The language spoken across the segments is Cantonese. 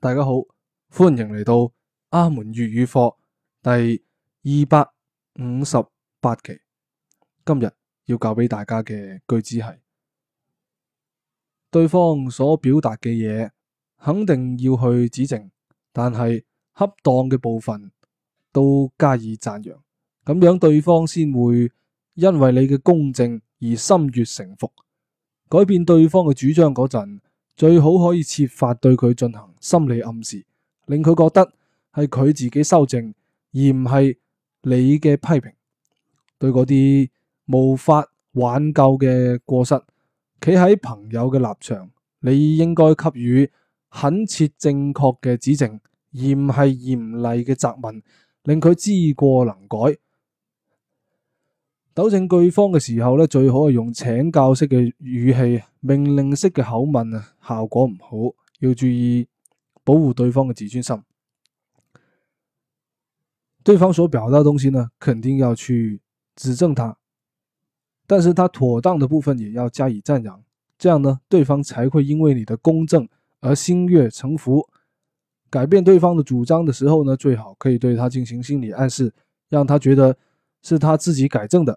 大家好，歡迎嚟到阿門粵語課第二百五十八期。今日要教俾大家嘅句子係：對方所表達嘅嘢，肯定要去指正，但係恰當嘅部分都加以讚揚，咁樣對方先會因為你嘅公正而心悅誠服，改變對方嘅主張嗰陣，最好可以設法對佢進行心理暗示，令佢覺得係佢自己修正，而唔係你嘅批評。對嗰啲無法挽救嘅過失，企喺朋友嘅立場，你應該給予懇切正確嘅指正，而唔係嚴厲嘅責問，令佢知過能改。糾正對方嘅時候呢，最好用請教式嘅語氣，命令式嘅口吻啊，效果唔好。要注意保護對方嘅自尊心。對方所表達嘅東西呢，肯定要去指正他，但是他妥當的部分也要加以讚揚。這樣呢，對方才會因為你的公正而心悅誠服。改變對方的主張的時候呢，最好可以對他進行心理暗示，讓他覺得是他自己改正的。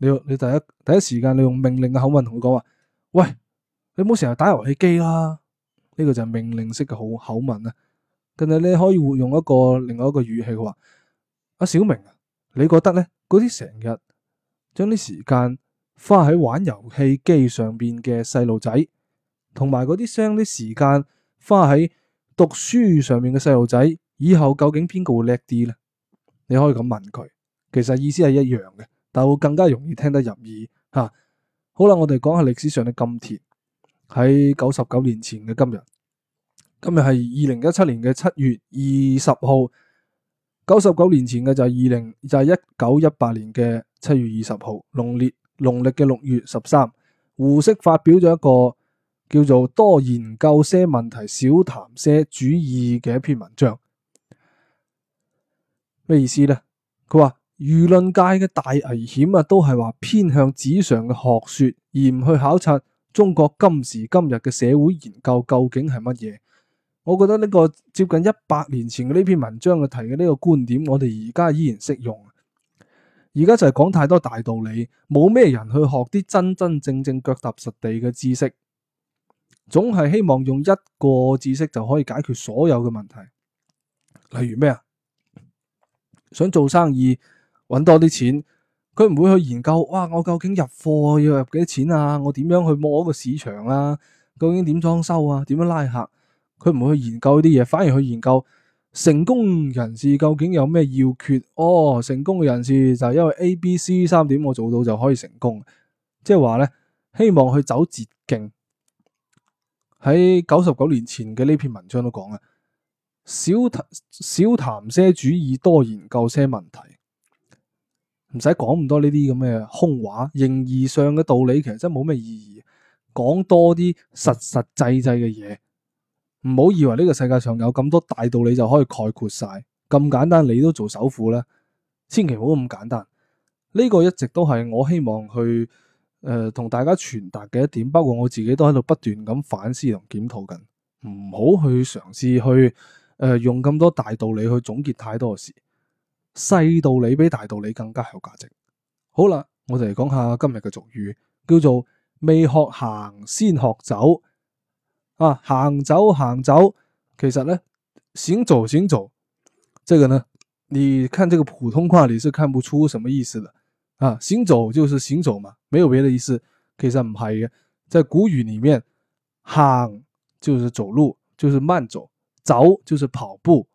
你你第一第一時間，你用命令嘅口吻同佢講話，喂，你冇成日打遊戲機啦！呢個就係命令式嘅好口吻啦。跟住你可以活用一個另外一個語氣話，阿小明，你覺得咧，嗰啲成日將啲時間花喺玩遊戲機上邊嘅細路仔，同埋嗰啲將啲時間花喺讀書上面嘅細路仔，以後究竟邊個會叻啲咧？你可以咁問佢，其實意思係一樣嘅。但會更加容易聽得入耳吓、啊。好啦，我哋講下歷史上嘅金田，喺九十九年前嘅今日，今日係二零一七年嘅七月二十號。九十九年前嘅就係二零，就係一九一八年嘅七月二十號，農曆農曆嘅六月十三，胡適發表咗一個叫做多研究些問題，少談些主義嘅一篇文章。咩意思呢？佢話。輿論界嘅大危險啊，都係話偏向紙上嘅學說，而唔去考察中國今時今日嘅社會研究究竟係乜嘢。我覺得呢個接近一百年前嘅呢篇文章嘅提嘅呢個觀點，我哋而家依然適用。而家就係講太多大道理，冇咩人去學啲真真正正腳踏實地嘅知識，總係希望用一個知識就可以解決所有嘅問題。例如咩啊？想做生意。揾多啲錢，佢唔會去研究。哇！我究竟入貨要入幾多錢啊？我點樣去摸個市場啊？究竟點裝修啊？點樣拉客？佢唔會去研究呢啲嘢，反而去研究成功人士究竟有咩要訣。哦，成功嘅人士就係因為 A、B、C 三點我做到就可以成功。即係話呢，希望去走捷徑。喺九十九年前嘅呢篇文章都講啊，少談少談些主義，多研究些問題。唔使講咁多呢啲咁嘅空話，形而上嘅道理其實真冇咩意義。講多啲實實際際嘅嘢，唔好以為呢個世界上有咁多大道理就可以概括晒咁簡單。你都做首富啦，千祈唔好咁簡單。呢、這個一直都係我希望去誒同、呃、大家傳達嘅一點，包括我自己都喺度不斷咁反思同檢討緊。唔好去嘗試去誒、呃、用咁多大道理去總結太多嘅事。細道理比大道理更加有價值。好啦，我哋嚟講下今日嘅俗語，叫做未學行先學走。啊，行走行走，其實咧行走行走，這個呢？你看這個普通話你是看不出什麼意思的。啊，行走就是行走嘛，沒有別的意思。其實唔係嘅，在古語裏面，行就是走路，就是慢走；走就是跑步。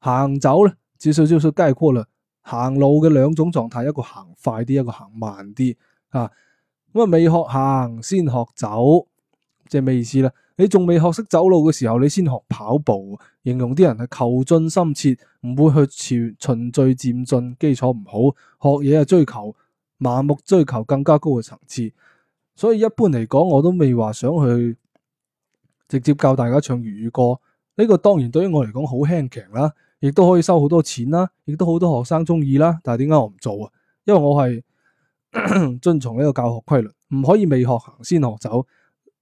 行走呢？至少，招數概括啦，行路嘅兩種狀態，一個行快啲，一個行慢啲啊。咁啊，未學行先學走，即係咩意思咧？你仲未學識走路嘅時候，你先學跑步，形容啲人係求進心切，唔會去循序漸進，基礎唔好，學嘢係追求盲目追求更加高嘅層次。所以一般嚟講，我都未話想去直接教大家唱粵語歌。呢個當然對於我嚟講好輕劇啦。亦都可以收好多錢啦，亦都好多學生中意啦。但係點解我唔做啊？因為我係 遵從呢個教學規律，唔可以未學行先學走。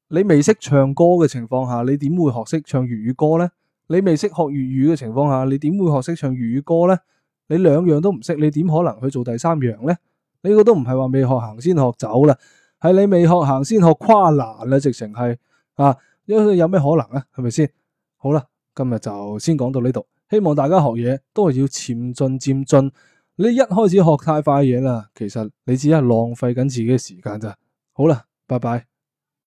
你未識唱歌嘅情況下，你點會學識唱粵語歌呢？你未識學粵語嘅情況下，你點會學識唱粵語歌呢？你兩樣都唔識，你點可能去做第三樣呢？呢個都唔係話未學行先學走啦，係你未學行先學跨欄啦，直情係啊！有有咩可能啊？係咪先？好啦，今日就先講到呢度。希望大家學嘢都係要漸進漸進，你一開始學太快嘢啦，其實你只係浪費緊自己嘅時間咋。好啦，拜拜。